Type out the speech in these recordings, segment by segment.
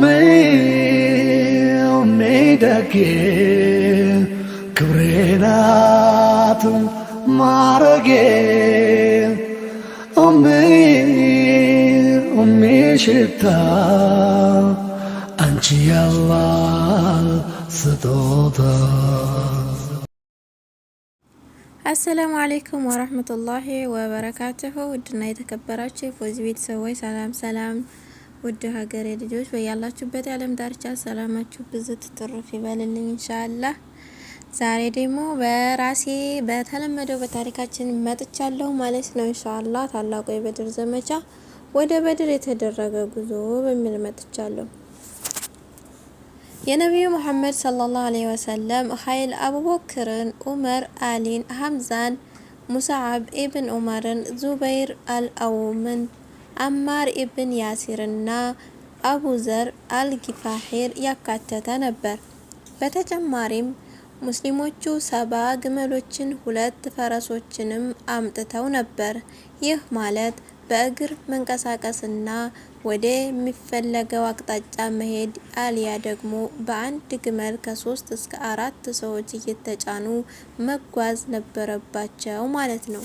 ሜሜደጌ ክብሬናት ማረጌ ሽታ አንቺ ያላል ስጦታ። አሰላሙ አሌይኩም ወረህመቱላሂ ወበረካቱሁ። ውድና የተከበራችሁ የፎዚ ቤተሰቦች ሰላም ሰላም ውድ ሀገሬ ልጆች በያላችሁበት የዓለም ዳርቻ ሰላማችሁ ብዙ ትርፍ ይበልልኝ እንሻላ ዛሬ ደግሞ በራሴ በተለመደው በታሪካችን መጥቻለሁ ማለት ነው እንሻላ ታላቁ የበድር ዘመቻ ወደ በድር የተደረገ ጉዞ በሚል መጥቻለሁ። የነቢዩ መሐመድ ሰለላሁ ዐለይሂ ወሰለም ኃይል አቡበክርን፣ ኡመር፣ አሊን፣ ሐምዛን፣ ሙሳዓብ ኢብን ዑመርን፣ ዙበይር አልአውምን አማር ኢብን ያሲርና አቡዘር አልጊፋሂር ያካተተ ነበር። በተጨማሪም ሙስሊሞቹ ሰባ ግመሎችን ሁለት ፈረሶችንም አምጥተው ነበር። ይህ ማለት በእግር መንቀሳቀስና ወደሚፈለገው አቅጣጫ መሄድ አልያ ደግሞ በአንድ ግመል ከሶስት እስከ አራት ሰዎች እየተጫኑ መጓዝ ነበረባቸው ማለት ነው።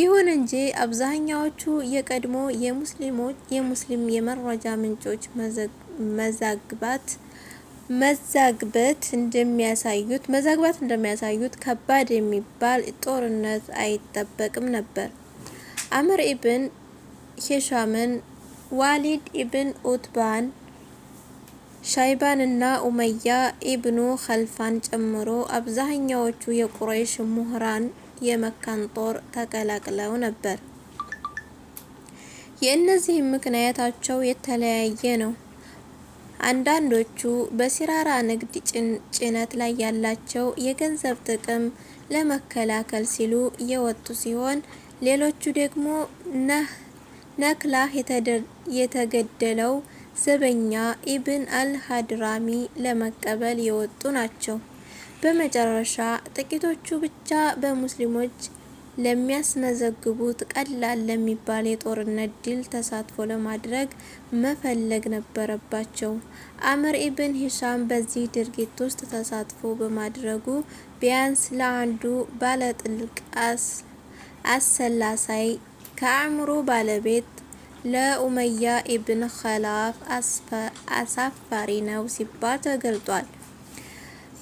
ይሁን እንጂ አብዛኛዎቹ የቀድሞ የሙስሊሞች የሙስሊም የመረጃ ምንጮች መዛግባት መዛግበት እንደሚያሳዩት መዛግባት እንደሚያሳዩት ከባድ የሚባል ጦርነት አይጠበቅም ነበር። አምር ኢብን ሄሻምን፣ ዋሊድ ኢብን ኡትባን፣ ሻይባንና ኡመያ ኢብኑ ኸልፋን ጨምሮ አብዛኛዎቹ የቁረይሽ ምሁራን የመካን ጦር ተቀላቅለው ነበር። የእነዚህም ምክንያታቸው የተለያየ ነው። አንዳንዶቹ በሲራራ ንግድ ጭነት ላይ ያላቸው የገንዘብ ጥቅም ለመከላከል ሲሉ የወጡ ሲሆን፣ ሌሎቹ ደግሞ ነክላህ የተገደለው ዘበኛ ኢብን አልሃድራሚ ለመቀበል የወጡ ናቸው። በመጨረሻ ጥቂቶቹ ብቻ በሙስሊሞች ለሚያስመዘግቡት ቀላል ለሚባል የጦርነት ድል ተሳትፎ ለማድረግ መፈለግ ነበረባቸው። አምር ኢብን ሂሻም በዚህ ድርጊት ውስጥ ተሳትፎ በማድረጉ ቢያንስ ለአንዱ ባለጥልቅ አሰላሳይ ከአእምሮ ባለቤት ለኡመያ ኢብን ኸላፍ አሳፋሪ ነው ሲባል ተገልጧል።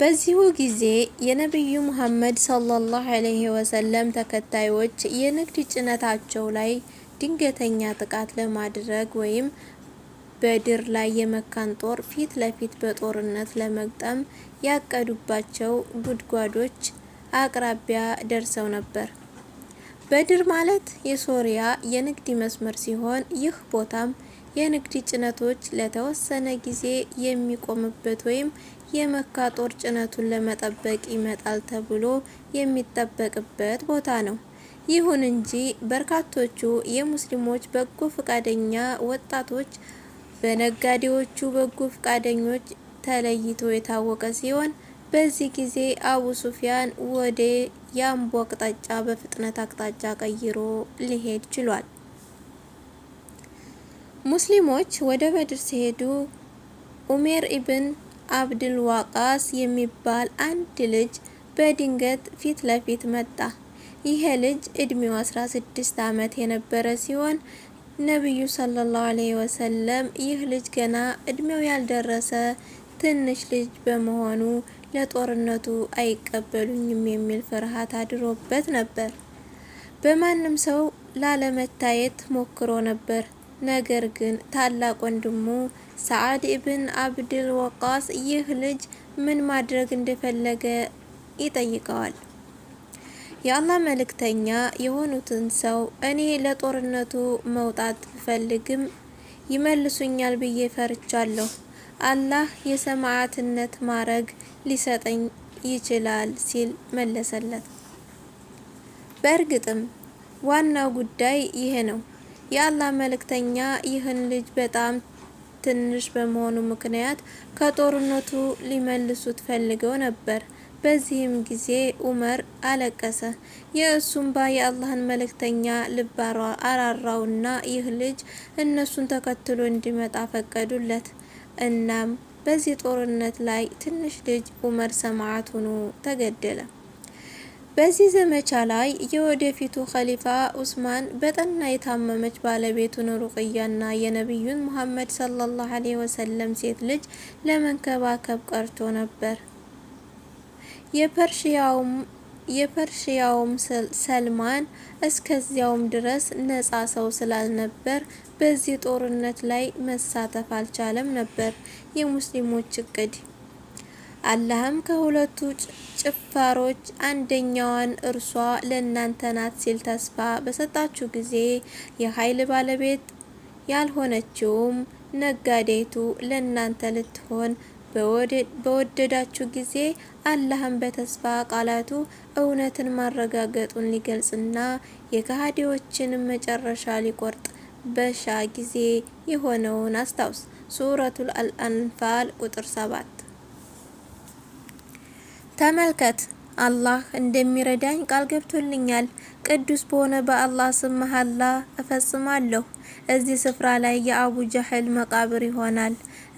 በዚሁ ጊዜ የነቢዩ ሙሐመድ ሰለላሁ ዐለይሂ ወሰለም ተከታዮች የንግድ ጭነታቸው ላይ ድንገተኛ ጥቃት ለማድረግ ወይም በድር ላይ የመካን ጦር ፊት ለፊት በጦርነት ለመግጠም ያቀዱባቸው ጉድጓዶች አቅራቢያ ደርሰው ነበር። በድር ማለት የሶሪያ የንግድ መስመር ሲሆን ይህ ቦታም የንግድ ጭነቶች ለተወሰነ ጊዜ የሚቆምበት ወይም የመካ ጦር ጭነቱን ለመጠበቅ ይመጣል ተብሎ የሚጠበቅበት ቦታ ነው። ይሁን እንጂ በርካቶቹ የሙስሊሞች በጎ ፈቃደኛ ወጣቶች በነጋዴዎቹ በጎ ፈቃደኞች ተለይቶ የታወቀ ሲሆን በዚህ ጊዜ አቡ ሱፊያን ወደ የአምቦ አቅጣጫ በፍጥነት አቅጣጫ ቀይሮ ሊሄድ ችሏል። ሙስሊሞች ወደ በድር ሲሄዱ ኡሜር ኢብን አብድል ዋቃስ የሚባል አንድ ልጅ በድንገት ፊት ለፊት መጣ። ይሄ ልጅ እድሜው 16 ዓመት የነበረ ሲሆን ነቢዩ ሰለላሁ ዐለይሂ ወሰለም ይህ ልጅ ገና እድሜው ያልደረሰ ትንሽ ልጅ በመሆኑ ለጦርነቱ አይቀበሉኝም የሚል ፍርሃት አድሮበት ነበር። በማንም ሰው ላለመታየት ሞክሮ ነበር። ነገር ግን ታላቅ ወንድሙ ሰዓድ ኢብን አብድል ወቃስ ይህ ልጅ ምን ማድረግ እንደፈለገ ይጠይቀዋል። የአላህ መልእክተኛ የሆኑትን ሰው እኔ ለጦርነቱ መውጣት ብፈልግም ይመልሱኛል ብዬ ፈርቻለሁ። አላህ የሰማዕትነት ማረግ ሊሰጠኝ ይችላል ሲል መለሰለት። በእርግጥም ዋናው ጉዳይ ይሄ ነው። የአላህ መልእክተኛ ይህን ልጅ በጣም ትንሽ በመሆኑ ምክንያት ከጦርነቱ ሊመልሱት ፈልገው ነበር። በዚህም ጊዜ ኡመር አለቀሰ። የእሱም ባ የአላህን መልእክተኛ ልብ አራራውና ይህ ልጅ እነሱን ተከትሎ እንዲመጣ ፈቀዱለት። እናም በዚህ ጦርነት ላይ ትንሽ ልጅ ኡመር ሰማዕት ሆኖ ተገደለ። በዚህ ዘመቻ ላይ የወደፊቱ ኸሊፋ ኡስማን በጠና የታመመች ባለቤቱን ሩቅያና የነቢዩን ሙሐመድ ሰለላሁ ዐለይሂ ወሰለም ሴት ልጅ ለመንከባከብ ቀርቶ ነበር። የፐርሽያውም ሰልማን እስከዚያውም ድረስ ነፃ ሰው ስላልነበር በዚህ ጦርነት ላይ መሳተፍ አልቻለም ነበር። የሙስሊሞች እቅድ አላህም ከሁለቱ ጭፋሮች አንደኛዋን እርሷ ለእናንተ ናት ሲል ተስፋ በሰጣችሁ ጊዜ የኃይል ባለቤት ያልሆነችውም ነጋዴቱ ለእናንተ ልትሆን በወደዳችሁ ጊዜ አላህም በተስፋ ቃላቱ እውነትን ማረጋገጡን ሊገልጽና የከሃዲዎችንም መጨረሻ ሊቆርጥ በሻ ጊዜ የሆነውን አስታውስ። ሱረቱል አንፋል ቁጥር ሰባት ተመልከት አላህ እንደሚረዳኝ ቃል ገብቶልኛል። ቅዱስ በሆነ በአላህ ስም መሐላ እፈጽማለሁ። እዚህ ስፍራ ላይ የአቡ ጀህል መቃብር ይሆናል።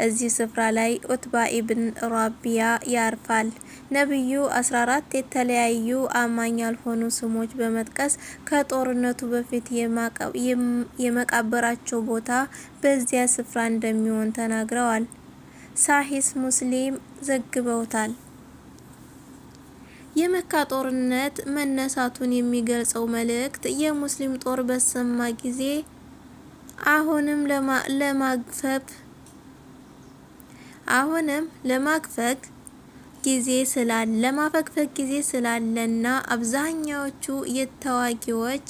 እዚህ ስፍራ ላይ ኡትባ ኢብን ራቢያ ያርፋል። ነቢዩ 14 የተለያዩ አማኝ ያልሆኑ ስሞች በመጥቀስ ከጦርነቱ በፊት የመቃበራቸው ቦታ በዚያ ስፍራ እንደሚሆን ተናግረዋል። ሳሂስ ሙስሊም ዘግበውታል። የመካ ጦርነት መነሳቱን የሚገልጸው መልእክት የሙስሊም ጦር በሰማ ጊዜ አሁንም ለማግፈፍ አሁንም ለማግፈግ ጊዜ ስላለ ለማፈግፈግ ጊዜ ስላለና አብዛኛዎቹ የተዋጊዎች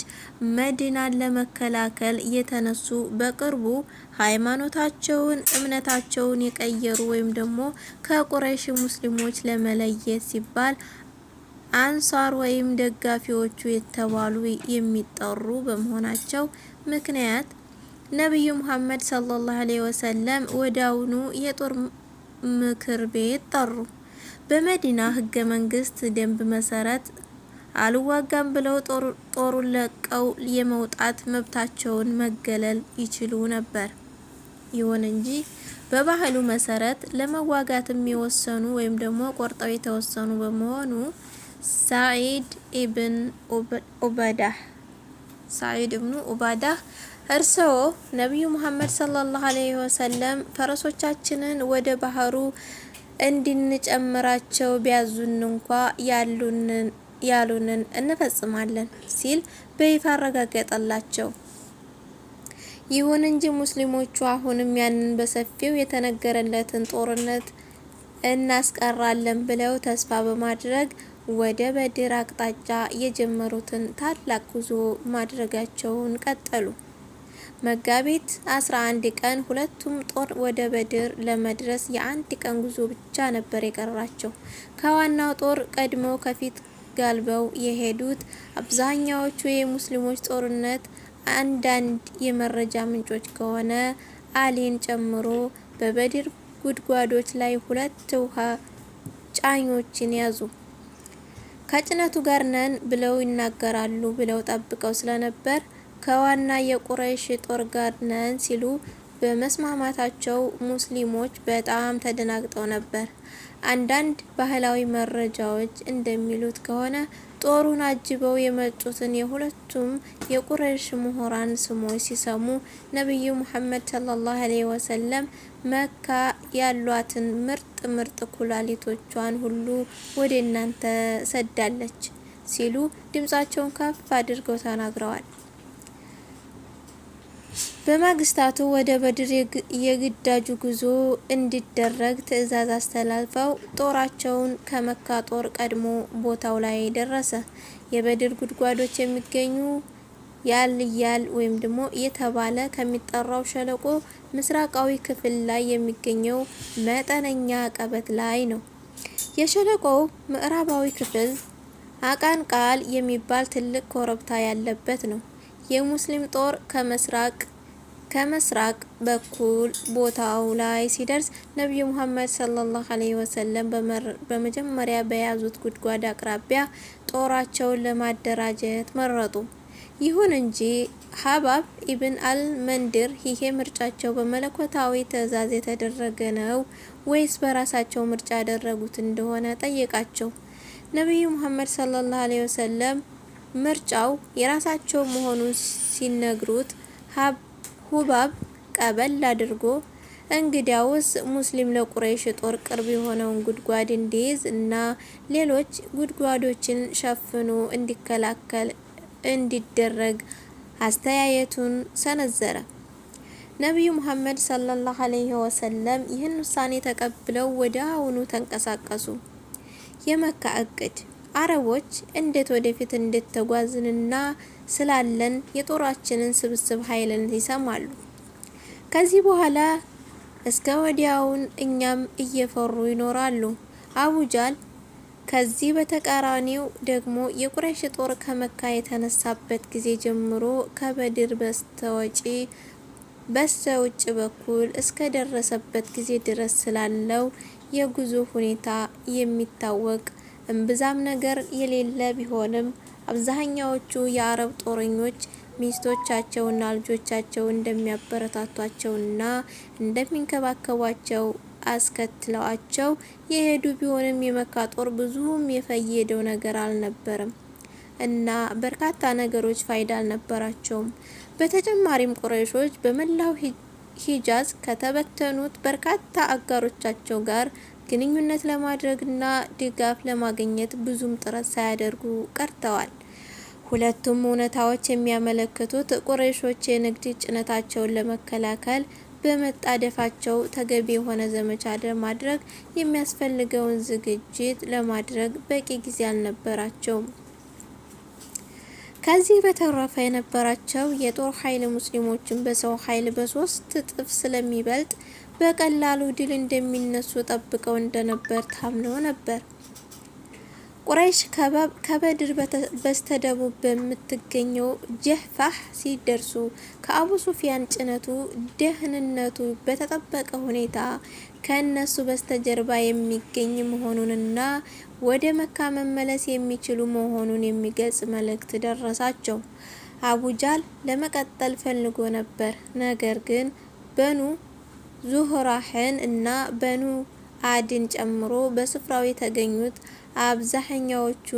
መዲናን ለመከላከል የተነሱ በቅርቡ ሃይማኖታቸውን፣ እምነታቸውን የቀየሩ ወይም ደግሞ ከቁረይሽ ሙስሊሞች ለመለየት ሲባል አንሷር ወይም ደጋፊዎቹ የተባሉ የሚጠሩ በመሆናቸው ምክንያት ነቢዩ ሙሐመድ ሰለላሁ ዐለይሂ ወሰለም ወዳውኑ የጦር ምክር ቤት ጠሩ። በመዲና ህገ መንግስት ደንብ መሰረት አልዋጋም ብለው ጦሩን ለቀው የመውጣት መብታቸውን መገለል ይችሉ ነበር። ይሁን እንጂ በባህሉ መሰረት ለመዋጋት የሚወሰኑ ወይም ደግሞ ቆርጠው የተወሰኑ በመሆኑ ሳዒድ ኢብን ኡበዳህ ሳዒድ ኢብኑ ኡባዳህ እርስዎ ነቢዩ ሙሐመድ ሰለላሁ አለይሂ ወሰለም ፈረሶቻችንን ወደ ባህሩ እንድንጨምራቸው ቢያዙን እንኳ ያሉንን እንፈጽማለን ሲል በይፋ አረጋገጠላቸው። ይሁን እንጂ ሙስሊሞቹ አሁንም ያንን በሰፊው የተነገረለትን ጦርነት እናስቀራለን ብለው ተስፋ በማድረግ ወደ በድር አቅጣጫ የጀመሩትን ታላቅ ጉዞ ማድረጋቸውን ቀጠሉ። መጋቢት 11 ቀን ሁለቱም ጦር ወደ በድር ለመድረስ የአንድ ቀን ጉዞ ብቻ ነበር የቀራቸው። ከዋናው ጦር ቀድመው ከፊት ጋልበው የሄዱት አብዛኛዎቹ የሙስሊሞች ጦርነት አንዳንድ የመረጃ ምንጮች ከሆነ አሊን ጨምሮ በበድር ጉድጓዶች ላይ ሁለት ውሃ ጫኞችን ያዙ። ከጭነቱ ጋር ነን ብለው ይናገራሉ ብለው ጠብቀው ስለነበር ከዋና የቁረይሽ ጦር ጋር ነን ሲሉ በመስማማታቸው ሙስሊሞች በጣም ተደናግጠው ነበር። አንዳንድ ባህላዊ መረጃዎች እንደሚሉት ከሆነ ጦሩን አጅበው የመጡትን የሁለቱም የቁረይሽ ምሁራን ስሞች ሲሰሙ ነቢዩ ሙሐመድ ሰለላሁ ዐለይሂ ወሰለም መካ ያሏትን ምርጥ ምርጥ ኩላሊቶቿን ሁሉ ወደ እናንተ ሰዳለች ሲሉ ድምጻቸውን ከፍ አድርገው ተናግረዋል። በማግስታቱ ወደ በድር የግዳጁ ጉዞ እንዲደረግ ትዕዛዝ አስተላልፈው ጦራቸውን ከመካ ጦር ቀድሞ ቦታው ላይ ደረሰ። የበድር ጉድጓዶች የሚገኙ ያልያል ወይም ደግሞ የተባለ ከሚጠራው ሸለቆ ምስራቃዊ ክፍል ላይ የሚገኘው መጠነኛ ቀበት ላይ ነው። የሸለቆው ምዕራባዊ ክፍል አቃን ቃል የሚባል ትልቅ ኮረብታ ያለበት ነው። የሙስሊም ጦር ከምስራቅ ከመስራቅ በኩል ቦታው ላይ ሲደርስ ነቢዩ ሙሐመድ ሰለላሁ ዐለይሂ ወሰለም በመጀመሪያ በያዙት ጉድጓድ አቅራቢያ ጦራቸውን ለማደራጀት መረጡ። ይሁን እንጂ ሀባብ ኢብን አልመንድር ይሄ ምርጫቸው በመለኮታዊ ትዕዛዝ የተደረገ ነው ወይስ በራሳቸው ምርጫ ያደረጉት እንደሆነ ጠየቃቸው። ነቢዩ ሙሐመድ ሰለላሁ ዐለይሂ ወሰለም ምርጫው የራሳቸው መሆኑን ሲነግሩት ሁባብ ቀበል አድርጎ እንግዲያውስ ሙስሊም ለቁረይሽ ጦር ቅርብ የሆነውን ጉድጓድ እንዲይዝ እና ሌሎች ጉድጓዶችን ሸፍኖ እንዲከላከል እንዲደረግ አስተያየቱን ሰነዘረ። ነቢዩ ሙሐመድ ሰለላሁ ዐለይሂ ወሰለም ይህን ውሳኔ ተቀብለው ወደ አሁኑ ተንቀሳቀሱ። የመካ እቅድ አረቦች እንዴት ወደፊት እንድትጓዝንና ስላለን የጦራችንን ስብስብ ኃይልን ይሰማሉ። ከዚህ በኋላ እስከ ወዲያውን እኛም እየፈሩ ይኖራሉ። አቡጃል ከዚህ በተቃራኒው ደግሞ የቁረሽ ጦር ከመካ የተነሳበት ጊዜ ጀምሮ ከበድር በስተወጪ በስተ ውጭ በኩል እስከ ደረሰበት ጊዜ ድረስ ስላለው የጉዞ ሁኔታ የሚታወቅ እምብዛም ነገር የሌለ ቢሆንም አብዛኛዎቹ የአረብ ጦረኞች ሚስቶቻቸውና ልጆቻቸው እንደሚያበረታቷቸውና እንደሚንከባከቧቸው አስከትለዋቸው የሄዱ ቢሆንም የመካ ጦር ብዙም የፈየደው ነገር አልነበረም እና በርካታ ነገሮች ፋይዳ አልነበራቸውም። በተጨማሪም ቁረይሾች በመላው ሂጃዝ ከተበተኑት በርካታ አጋሮቻቸው ጋር ግንኙነት ለማድረግና ድጋፍ ለማግኘት ብዙም ጥረት ሳያደርጉ ቀርተዋል። ሁለቱም እውነታዎች የሚያመለክቱት ቁረይሾች የንግድ ጭነታቸውን ለመከላከል በመጣደፋቸው ተገቢ የሆነ ዘመቻ ለማድረግ የሚያስፈልገውን ዝግጅት ለማድረግ በቂ ጊዜ አልነበራቸውም። ከዚህ በተረፈ የነበራቸው የጦር ኃይል ሙስሊሞችን በሰው ኃይል በሶስት እጥፍ ስለሚበልጥ በቀላሉ ድል እንደሚነሱ ጠብቀው እንደነበር ታምነው ነበር። ቁረይሽ ከበድር በስተደቡብ በምትገኘው ጀህፋህ ሲደርሱ ከአቡ ሱፊያን ጭነቱ ደህንነቱ በተጠበቀ ሁኔታ ከእነሱ በስተጀርባ የሚገኝ መሆኑንና ወደ መካ መመለስ የሚችሉ መሆኑን የሚገልጽ መልእክት ደረሳቸው። አቡጃል ለመቀጠል ፈልጎ ነበር፣ ነገር ግን በኑ ዙሁራህን እና በኑ አድን ጨምሮ በስፍራው የተገኙት አብዛኛዎቹ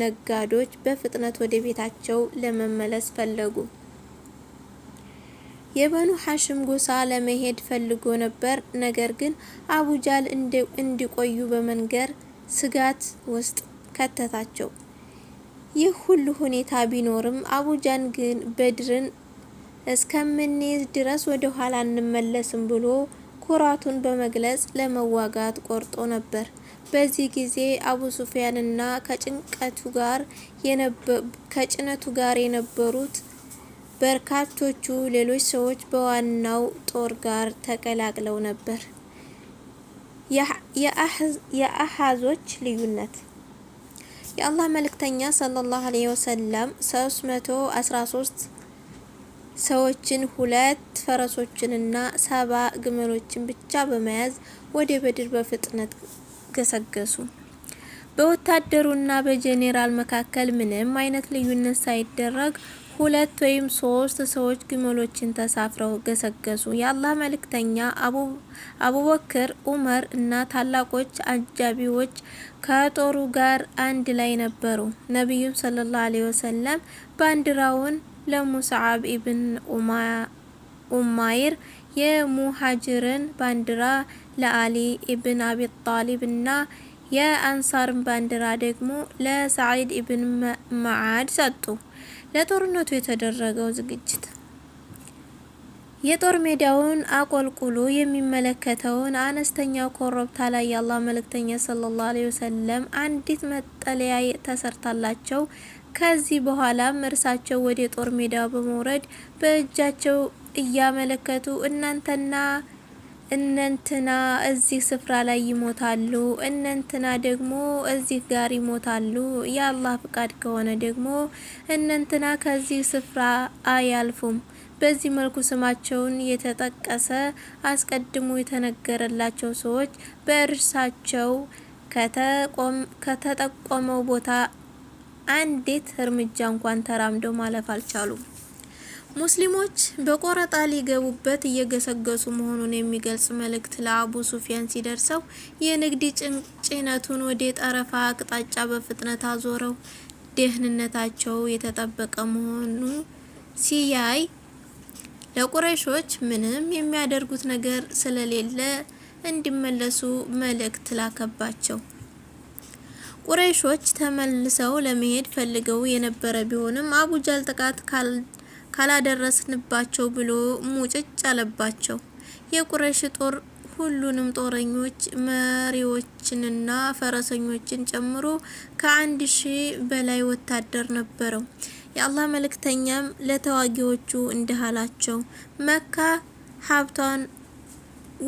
ነጋዶች በፍጥነት ወደ ቤታቸው ለመመለስ ፈለጉ። የበኑ ሐሽም ጎሳ ለመሄድ ፈልጎ ነበር። ነገር ግን አቡጃል እንዲቆዩ በመንገር ስጋት ውስጥ ከተታቸው። ይህ ሁሉ ሁኔታ ቢኖርም አቡጃን ግን በድርን እስከምንይዝ ድረስ ወደ ኋላ እንመለስም ብሎ ኩራቱን በመግለጽ ለመዋጋት ቆርጦ ነበር። በዚህ ጊዜ አቡ ሱፊያንና ከጭንቀቱ ጋር ከጭነቱ ጋር የነበሩት በርካቶቹ ሌሎች ሰዎች በዋናው ጦር ጋር ተቀላቅለው ነበር። የአሃዞች ልዩነት የአላህ መልእክተኛ ሰለላሁ ዐለይሂ ወሰለም 313 ሰዎችን ሁለት ፈረሶችንና ሰባ ግመሎችን ብቻ በመያዝ ወደ በድር በፍጥነት ገሰገሱ። በወታደሩና በጄኔራል መካከል ምንም አይነት ልዩነት ሳይደረግ ሁለት ወይም ሶስት ሰዎች ግመሎችን ተሳፍረው ገሰገሱ። የአላህ መልእክተኛ አቡበክር፣ ኡመር እና ታላቆች አጃቢዎች ከጦሩ ጋር አንድ ላይ ነበሩ። ነቢዩ ሰለላሁ ዐለይሂ ወሰለም ባንዲራውን ለሙስዓብ ኢብን ኡማይር የሙሃጅርን ባንዲራ ለአሊ ኢብን አቢ ጣሊብ እና የአንሳርን ባንዲራ ደግሞ ለሰዒድ ኢብን መዓድ ሰጡ። ለጦርነቱ የተደረገው ዝግጅት የጦር ሜዳውን አቆልቁሎ የሚመለከተውን አነስተኛ ኮረብታ ላይ የአላህ መልእክተኛ ሰለላሁ ዐለይሂ ወሰለም አንዲት መጠለያ ተሰርታላቸው ከዚህ በኋላም እርሳቸው ወደ ጦር ሜዳ በመውረድ በእጃቸው እያመለከቱ እናንተና እነንትና እዚህ ስፍራ ላይ ይሞታሉ፣ እነንትና ደግሞ እዚህ ጋር ይሞታሉ። የአላህ ፍቃድ ከሆነ ደግሞ እነንትና ከዚህ ስፍራ አያልፉም። በዚህ መልኩ ስማቸውን የተጠቀሰ አስቀድሞ የተነገረላቸው ሰዎች በእርሳቸው ከተጠቆመው ቦታ አንዲት እርምጃ እንኳን ተራምደው ማለፍ አልቻሉም። ሙስሊሞች በቆረጣ ሊገቡበት እየገሰገሱ መሆኑን የሚገልጽ መልእክት ለአቡ ሱፊያን ሲደርሰው የንግድ ጭነቱን ወደ ጠረፋ አቅጣጫ በፍጥነት አዞረው። ደህንነታቸው የተጠበቀ መሆኑ ሲያይ ለቁረሾች ምንም የሚያደርጉት ነገር ስለሌለ እንዲመለሱ መልእክት ላከባቸው። ቁረይሾች ተመልሰው ለመሄድ ፈልገው የነበረ ቢሆንም አቡጃል ጥቃት ካላደረስንባቸው ብሎ ሙጭጭ አለባቸው። የቁረይሽ ጦር ሁሉንም ጦረኞች መሪዎችንና ፈረሰኞችን ጨምሮ ከአንድ ሺህ በላይ ወታደር ነበረው። የአላህ መልእክተኛም ለተዋጊዎቹ እንዲህ አላቸው፣ መካ ሀብቷን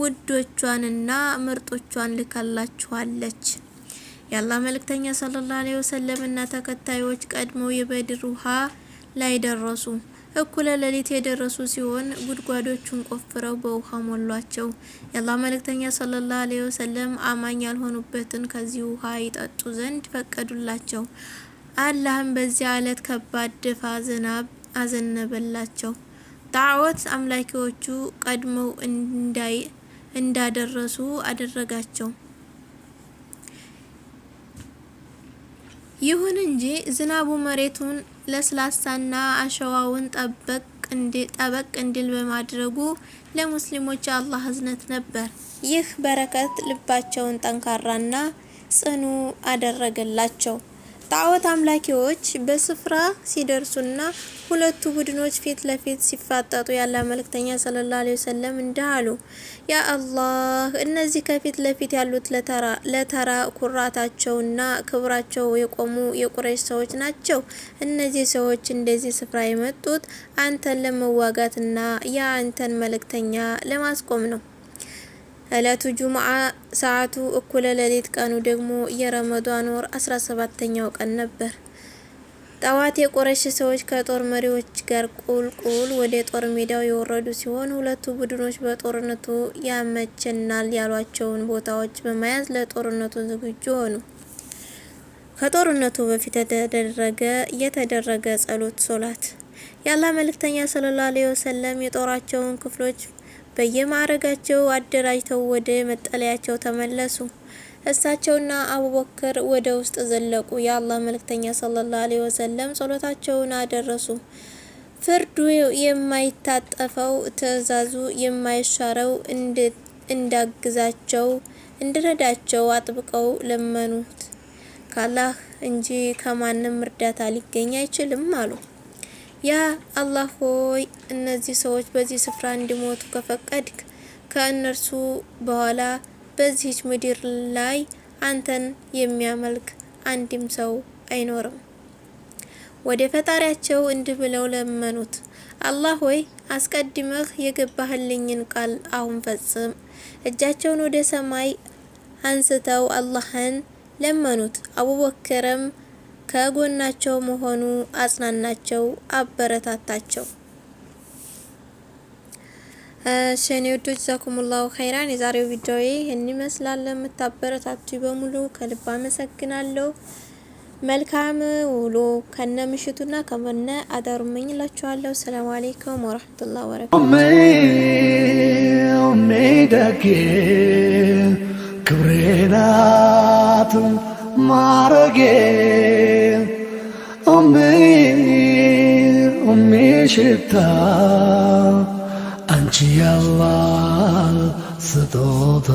ውዶቿንና ምርጦቿን ልካላችኋለች። የአላህ መልእክተኛ ሰለላሁ ዐለይሂ ወሰለም እና ተከታዮች ቀድመው የበድር ውሃ ላይ ደረሱ። እኩለ ሌሊት የደረሱ ሲሆን ጉድጓዶቹን ቆፍረው በውሃ ሞሏቸው። የአላህ መልእክተኛ ሰለላሁ ዐለይሂ ወሰለም አማኝ ያልሆኑበትን ከዚህ ውሃ ይጠጡ ዘንድ ፈቀዱላቸው። አላህም በዚያ ዕለት ከባድ ድፋ ዝናብ አዘነበላቸው። ጣዖት አምላኪዎቹ ቀድመው እንዳደረሱ አደረጋቸው። ይሁን እንጂ ዝናቡ መሬቱን ለስላሳና አሸዋውን ጠበቅ እንዲል በማድረጉ ለሙስሊሞች የአላህ ህዝነት ነበር። ይህ በረከት ልባቸውን ጠንካራና ጽኑ አደረገላቸው። ጣዖት አምላኪዎች በስፍራ ሲደርሱና ሁለቱ ቡድኖች ፊት ለፊት ሲፋጠጡ ያለ መልእክተኛ ሰለላሁ ዐለይሂ ወሰለም እንዲህ አሉ። ያ አላህ፣ እነዚህ ከፊት ለፊት ያሉት ለተራ ኩራታቸውና ክብራቸው የቆሙ የቁረይሽ ሰዎች ናቸው። እነዚህ ሰዎች እንደዚህ ስፍራ የመጡት አንተን ለመዋጋትና የአንተን መልእክተኛ ለማስቆም ነው። እለቱ ጁምዓ ሰዓቱ እኩለ ሌሊት፣ ቀኑ ደግሞ የረመዷን ወር አስራ ሰባተኛው ቀን ነበር። ጠዋት የቁረሽ ሰዎች ከጦር መሪዎች ጋር ቁልቁል ወደ ጦር ሜዳው የወረዱ ሲሆን ሁለቱ ቡድኖች በጦርነቱ ያመችናል ያሏቸውን ቦታዎች በመያዝ ለጦርነቱ ዝግጁ ሆኑ። ከጦርነቱ በፊት የተደረገ የተደረገ ጸሎት ሶላት። የአላህ መልእክተኛ ሰለላሁ ዐለይሂ ወሰለም የጦራቸውን ክፍሎች በየማዕረጋቸው አደራጅተው ወደ መጠለያቸው ተመለሱ። እሳቸውና አቡበከር ወደ ውስጥ ዘለቁ። የአላህ መልእክተኛ ሰለላሁ ዐለይሂ ወሰለም ጸሎታቸውን አደረሱ። ፍርዱ የማይታጠፈው ትዕዛዙ የማይሻረው እንዳግዛቸው እንድረዳቸው አጥብቀው ለመኑት። ካላህ እንጂ ከማንም እርዳታ ሊገኝ አይችልም አሉ። ያ አላህ ሆይ እነዚህ ሰዎች በዚህ ስፍራ እንዲሞቱ ከፈቀድክ ከእነርሱ በኋላ በዚህች ምድር ላይ አንተን የሚያመልክ አንድም ሰው አይኖርም። ወደ ፈጣሪያቸው እንዲህ ብለው ለመኑት፣ አላህ ሆይ አስቀድመህ የገባህልኝን ቃል አሁን ፈጽም። እጃቸውን ወደ ሰማይ አንስተው አላህን ለመኑት። አቡበከርም ከጎናቸው መሆኑ አጽናናቸው፣ አበረታታቸው። ሸኔ ወዶች ጀዛኩሙላሁ ኸይራን። የዛሬው ቪዲዮ ይህን ይመስላል። ለምታበረታቱ በሙሉ ከልብ አመሰግናለሁ። መልካም ውሎ ከነ ምሽቱና ከነ አዳሩ መኝላችኋለሁ። ሰላም አለይኩም ወራህመቱላሂ ወበረካቱ። ማረጌ ኦሜር ኦሜር ሽታ አንቺ ያላ ስጦታ